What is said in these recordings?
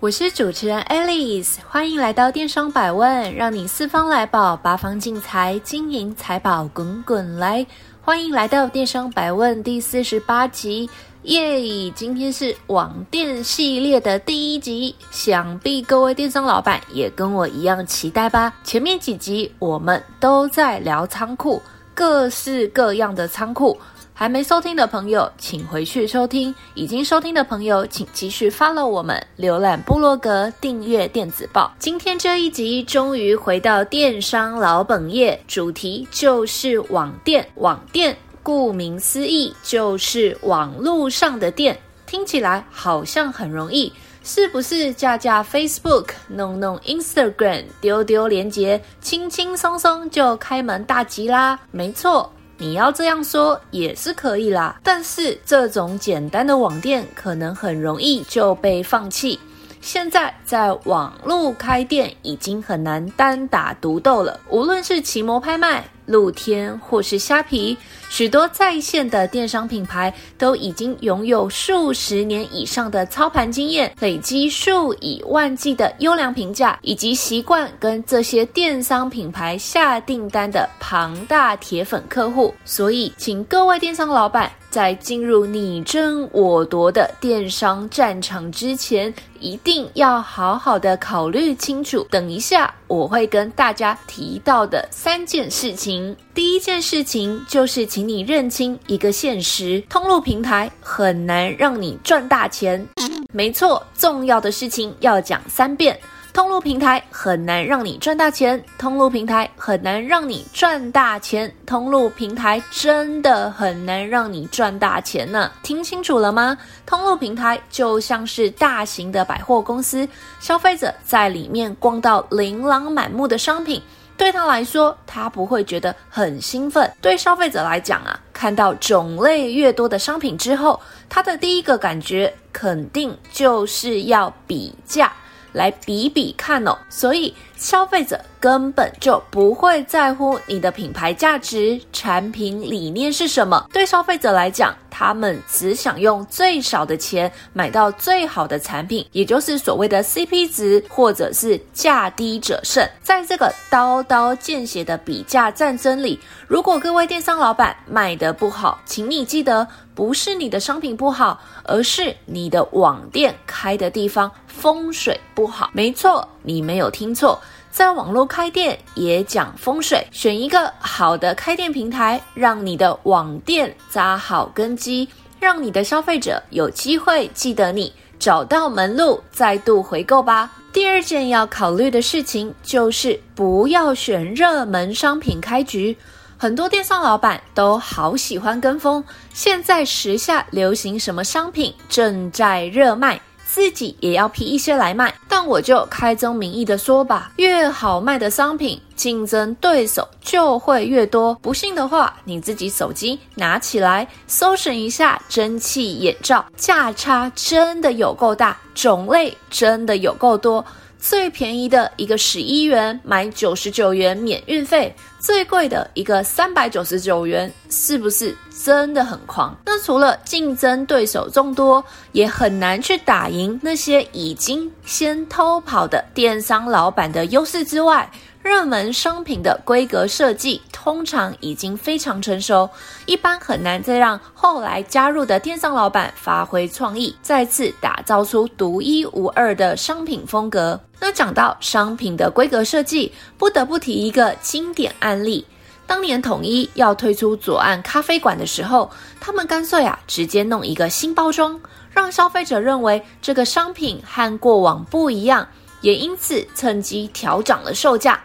我是主持人 Alice，歡迎來到電商百問，讓你四方來寶，八方進財，金銀財寶滾滾來。歡迎來到電商百問第四十八集，耶！今天是網店系列的第一集，想必各位電商老闆也跟我一樣期待吧。前面幾集我們都在聊倉庫，各式各樣的倉庫。還沒收聽的朋友，請回去收聽；已經收聽的朋友，請繼續 follow 我們，瀏覽部落格，訂閱電子報。今天這一集終於回到電商老本業，主題就是網店。網店顧名思義就是網路上的店，聽起來好像很容易，是不是？架架 Facebook，弄弄 Instagram，丟丟連結，輕輕鬆鬆就開門大吉啦？沒錯。你要這樣說也是可以啦，但是這種簡單的網店可能很容易就被放棄。現在在網路開店已經很難單打獨鬥了，無論是奇摩拍賣。露天或是蝦皮，許多在線的電商品牌都已經擁有數十年以上的操盤經驗，累積數以萬計的優良評價，以及習慣跟這些電商品牌下訂單的龐大鐵粉客戶。所以，請各位電商老闆在進入你爭我奪的電商戰場之前，一定要好好的考慮清楚，等一下。我會跟大家提到的三件事情，第一件事情就是，請你認清一個現實：通路平台很難讓你賺大錢。沒錯，重要的事情要講三遍。通路平台很難讓你賺大錢，通路平台很難讓你賺大錢，通路平台真的很難讓你賺大錢呢、啊。聽清楚了嗎？通路平台就像是大型的百貨公司，消費者在裡面逛到琳琅滿目的商品，對他來說，他不會覺得很興奮。對消費者來講啊，看到種類越多的商品之後，他的第一個感覺肯定就是要比價。來比比看哦，所以消費者根本就不會在乎你的品牌價值、產品理念是什麼。對消費者來講，他們只想用最少的錢買到最好的產品，也就是所謂的 CP 值，或者是價低者勝。在這個刀刀見血的比價戰爭裡，如果各位電商老板賣得不好，請你記得，不是你的商品不好，而是你的網店開的地方風水不好。沒錯，你沒有聽錯。在網絡開店也講風水，選一個好的開店平台，讓你的網店扎好根基，讓你的消費者有機會記得你，找到門路再度回購吧。第二件要考慮的事情就是不要選熱門商品開局，很多電商老板都好喜歡跟風，現在時下流行什麼商品正在熱賣。自己也要批一些來賣，但我就開宗明義的說吧，越好賣的商品，競爭對手就會越多。不信的話，你自己手機拿起來搜尋一下蒸汽眼罩，價差真的有夠大，種類真的有夠多。最便宜的一個十一元買九十九元免運費，最貴的一個三百九十九元，是不是真的很狂？那除了競爭對手眾多，也很難去打贏那些已經先偷跑的電商老板的優勢之外。熱門商品的規格設計通常已經非常成熟，一般很難再讓後來加入的電商老板發揮創意，再次打造出獨一無二的商品風格。那講到商品的規格設計，不得不提一個經典案例。當年統一要推出左岸咖啡館的時候，他們乾脆啊，直接弄一個新包裝，讓消費者認為這個商品和過往不一樣，也因此趁機調漲了售價。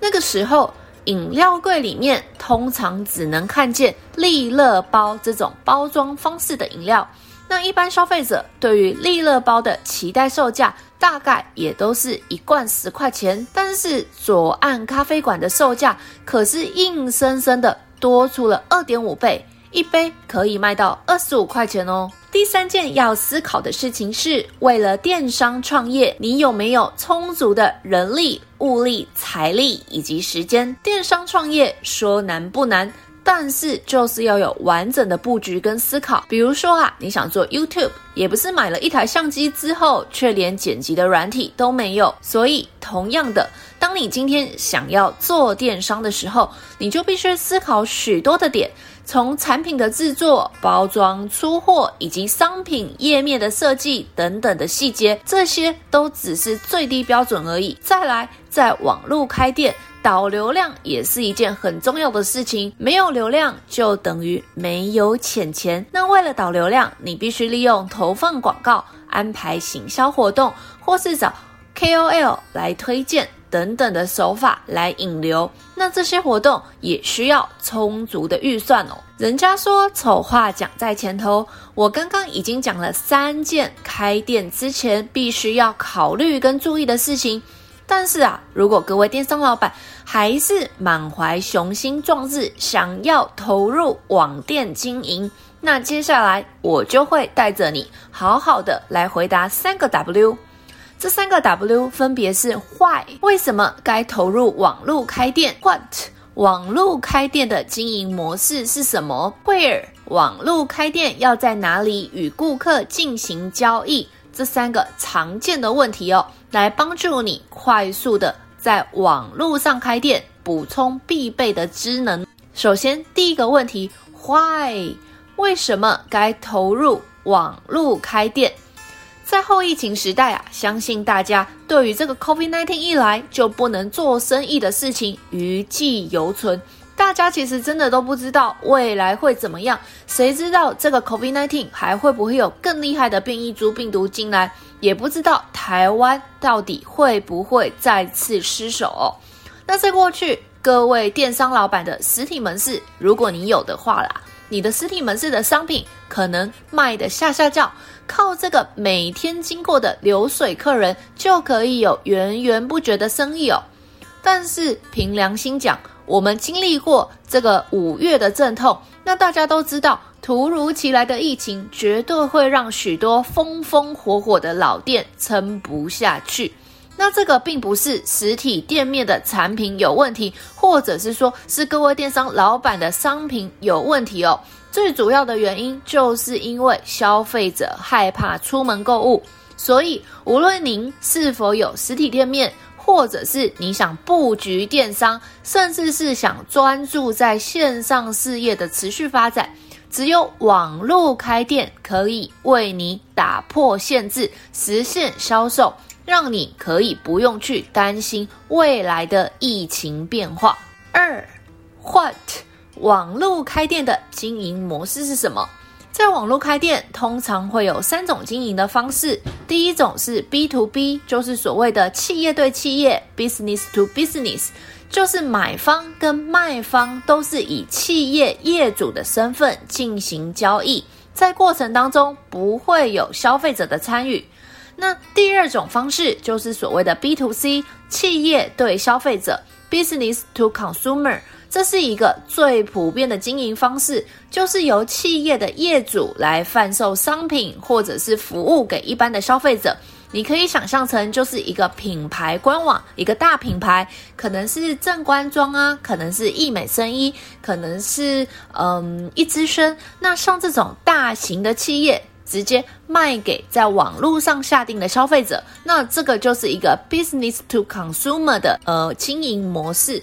那個時候，飲料櫃裡面通常只能看見利樂包這種包裝方式的飲料。那一般消費者對於利樂包的期待售價，大概也都是一罐十塊錢。但是左岸咖啡館的售價可是硬生生的多出了二點五倍，一杯可以賣到二十五塊錢哦。第三件要思考的事情是為了電商創業，你有沒有充足的人力、物力、財力以及時間？電商創業說難不難，但是就是要有完整的布局跟思考。比如說啊，你想做 YouTube，也不是買了一台相機之後，卻連剪輯的軟體都沒有。所以，同樣的，當你今天想要做電商的時候，你就必須思考許多的點。從產品的制作、包裝、出貨，以及商品頁面的設計等等的細節，這些都只是最低標準而已。再來，在網路開店，導流量也是一件很重要的事情。沒有流量，就等於沒有錢錢。那為了導流量，你必須利用投放廣告、安排行銷活動，或是找 KOL 來推薦。等等的手法來引流，那這些活動也需要充足的預算哦。人家說，醜話講在前頭，我剛剛已經講了三件開店之前必須要考慮跟注意的事情。但是啊，如果各位電商老板還是滿懷雄心壯志，想要投入網店經營，那接下來我就會帶着你好好的來回答三個 W，這三個 W 分別是 Why 為什麼該投入網絡開店？What 網絡開店的經營模式是什麼？Where 網絡開店要在哪裡與顧客進行交易？這三個常見的問題哦，來幫助你快速的在網絡上開店，補充必備的知能。首先，第一個問題 Why 為什麼該投入網絡開店？在後疫情時代啊，相信大家對於這個 COVID-19 一來就不能做生意的事情餘悸猶存。大家其實真的都不知道未來會怎麼樣，誰知道這個 COVID-19 還會不會有更厲害的變異株病毒進來？也不知道台灣到底會不會再次失守哦。那在過去，各位電商老闆的實體門市，如果你有的話啦。你的實體門市的商品可能賣得下下叫，靠這個每天經過的流水客人就可以有源源不絕的生意哦。但是，憑良心講，我們經歷過這個五月的陣痛，那大家都知道，突如其來的疫情絕對會讓許多風風火火的老店撐不下去。那這個並不是實體店面的產品有問題，或者是說是各位電商老闆的商品有問題哦。最主要的原因就是因為消費者害怕出門購物，所以無論您是否有實體店面，或者是你想布局電商，甚至是想專注在線上事業的持續發展，只有網絡開店可以為你打破限制，實現銷售。讓你可以不用去擔心未來的疫情變化。二，What 網絡開店的經營模式是什麼？在網絡開店，通常會有三種經營的方式。第一種是 B to B，就是所謂的企業對企業 （Business to Business），就是買方跟賣方都是以企業業，業主的身份進行交易，在過程當中不會有消費者的參與。那第二種方式就是所謂的 B to C，企業對消費者 （Business to Consumer），這是一個最普遍的經營方式，就是由企業的業主來販售商品或者是服務給一般的消費者。你可以想象成就是一個品牌官網，一個大品牌，可能是正官莊啊，可能是義美生醫，可能是嗯一之軒。那像這種大型的企業。直接賣給在網絡上下定的消費者，那這個就是一個 business to consumer 的呃經營模式。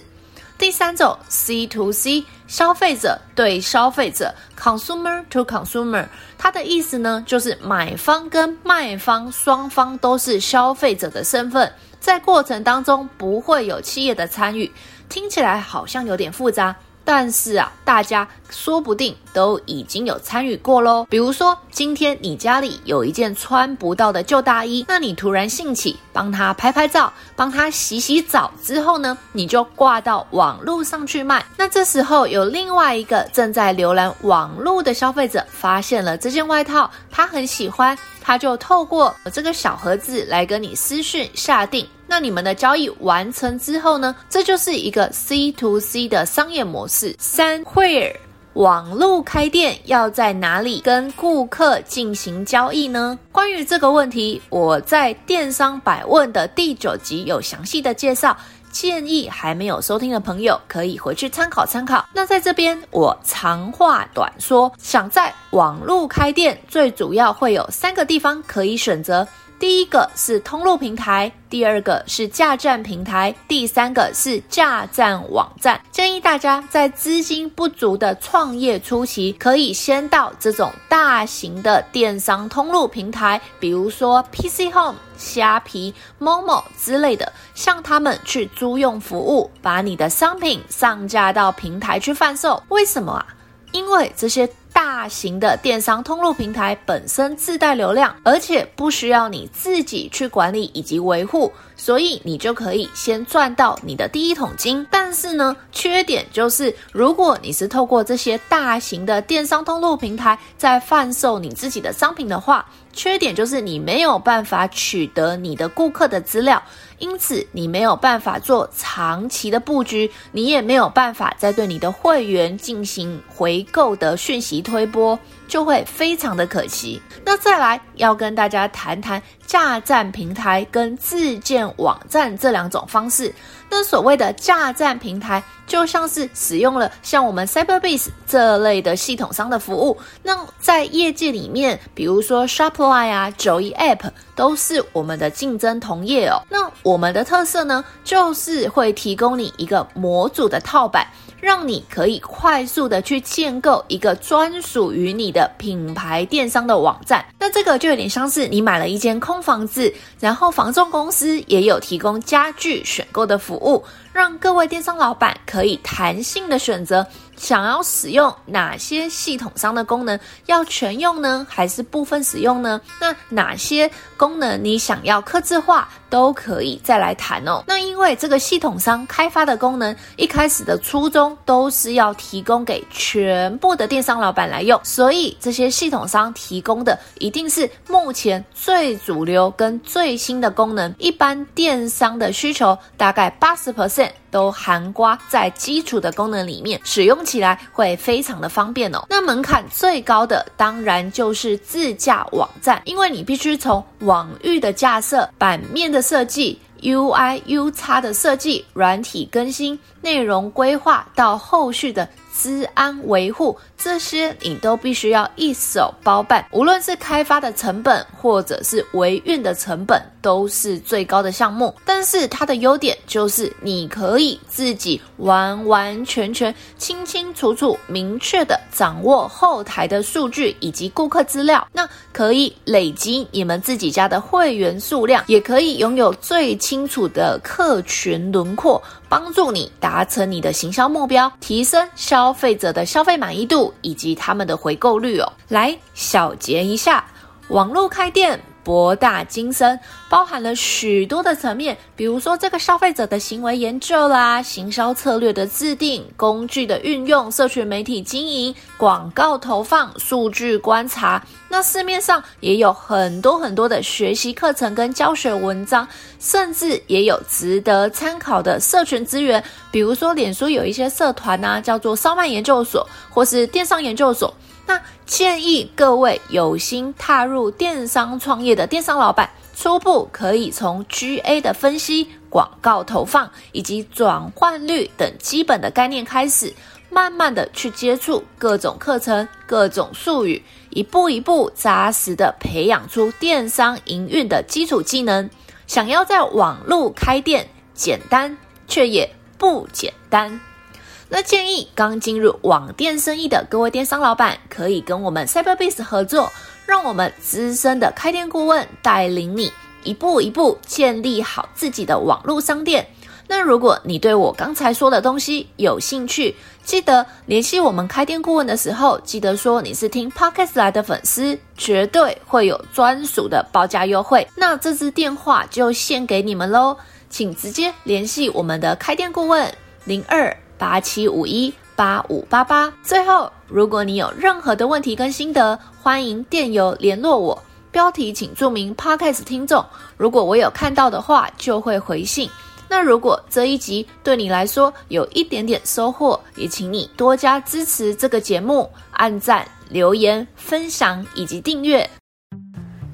第三種 C to C 消費者對消費者 consumer to consumer，它的意思呢，就是買方跟賣方雙方都是消費者的身份，在過程當中不會有企業的參與，聽起來好像有點複雜。但是啊，大家說不定都已經有參與過嘍。比如說，今天你家裡有一件穿不到的舊大衣，那你突然興起，幫它拍拍照，幫它洗洗澡之後呢，你就掛到網絡上去賣。那這時候有另外一個正在瀏覽網絡的消費者發現了這件外套，他很喜歡，他就透過這個小盒子來跟你私訊下訂。那你們的交易完成之後呢，這就是一個 C to C 的商業模式。三、Where，網路開店要在哪裡跟顧客進行交易呢？關於這個問題，我在電商百問的第九集有詳細的介紹，建議還沒有收聽的朋友可以回去參考參考。那在這邊我長話短說，想在網絡開店，最主要會有三個地方可以選擇。第一個是通路平台，第二個是架站平台，第三個是架站網站。建議大家在資金不足的創業初期，可以先到這種大型的電商通路平台，比如說 PC Home、蝦皮、Momo 之類的，向他們去租用服務，把你的商品上架到平台去販售。為什麼啊？因為這些。大型的電商通路平台本身自帶流量，而且不需要你自己去管理以及維護。所以你就可以先賺到你的第一桶金，但是呢，缺點就是如果你是透過這些大型的電商通路平台在販售你自己的商品的話，缺點就是你沒有辦法取得你的顧客的資料，因此你沒有辦法做長期的布局，你也沒有辦法再對你的會員進行回購的訊息推播。就會非常的可惜。那再來要跟大家談談架站平台跟自建網站這兩種方式。那所謂的架站平台，就像是使用了像我們 Cyberbiz 這類的系統商的服務。那在業界裡面，比如說 Shopline 啊、九一 App 都是我們的競爭同業哦。那我們的特色呢，就是會提供你一個模組的套版。讓你可以快速的去建構一個專屬於你的品牌電商的網站，那這個就有點像是你買了一間空房子，然後房仲公司也有提供家具選購的服務。讓各位電商老闆可以彈性的選擇想要使用哪些系統商的功能，要全用呢？還是部分使用呢？那哪些功能你想要客製化，都可以再來談哦。那因為這個系統商開發的功能，一開始的初衷都是要提供給全部的電商老闆來用，所以這些系統商提供的一定是目前最主流跟最新的功能。一般電商的需求大概八十 percent。都含括在基礎的功能裡面，使用起來會非常的方便哦。那門檻最高的當然就是自架網站，因為你必須從網域的架設、版面的設計、UI、UX 的設計、軟體更新。內容規劃到後續的資安維護，這些你都必須要一手包辦。無論是開發的成本，或者是維運的成本，都是最高的項目。但是它的優點就是，你可以自己完完全全、清清楚楚、明確的掌握後台的數據以及顧客資料，那可以累積你們自己家的會員數量，也可以擁有最清楚的客群輪廓。幫助你達成你的行銷目標，提升消費者的消費滿意度以及他們的回購率哦。來，小結一下，網絡開店，博大精深，包含了許多的層面，比如說這個消費者的行為研究啦，行銷策略的制定、工具的運用、社群媒體經營、廣告投放、數據觀察。那市面上也有很多很多的學習課程跟教學文章，甚至也有值得參考的社群資源，比如說臉書有一些社團啊，叫做燒賣研究所或是電商研究所。那建議各位有心踏入電商創業的電商老闆，初步可以從 GA 的分析、廣告投放以及轉換率等基本的概念開始，慢慢的去接觸各種課程、各種術語，一步一步扎實的培養出電商營運的基礎技能。想要在網路開店，簡單卻也不簡單。那建議剛進入網店生意的各位電商老板，可以跟我們 Cyberbiz 合作，讓我們資深的開店顧問帶領你一步一步建立好自己的網絡商店。那如果你對我剛才說的東西有興趣，記得聯繫我們開店顧問的時候，記得說你是聽 Podcast 來的粉絲，絕對會有專屬的報價優惠。那這支電話就獻給你們嘍，請直接聯繫我們的開店顧問零二。02八七五一八五八八。最後，如果你有任何的問題跟心得，歡迎電郵聯絡我，標題請注明 Podcast 聽眾。如果我有看到的話，就會回信。那如果這一集對你來說有一點點收穫，也請你多加支持這個節目，按讚、留言、分享以及訂閱。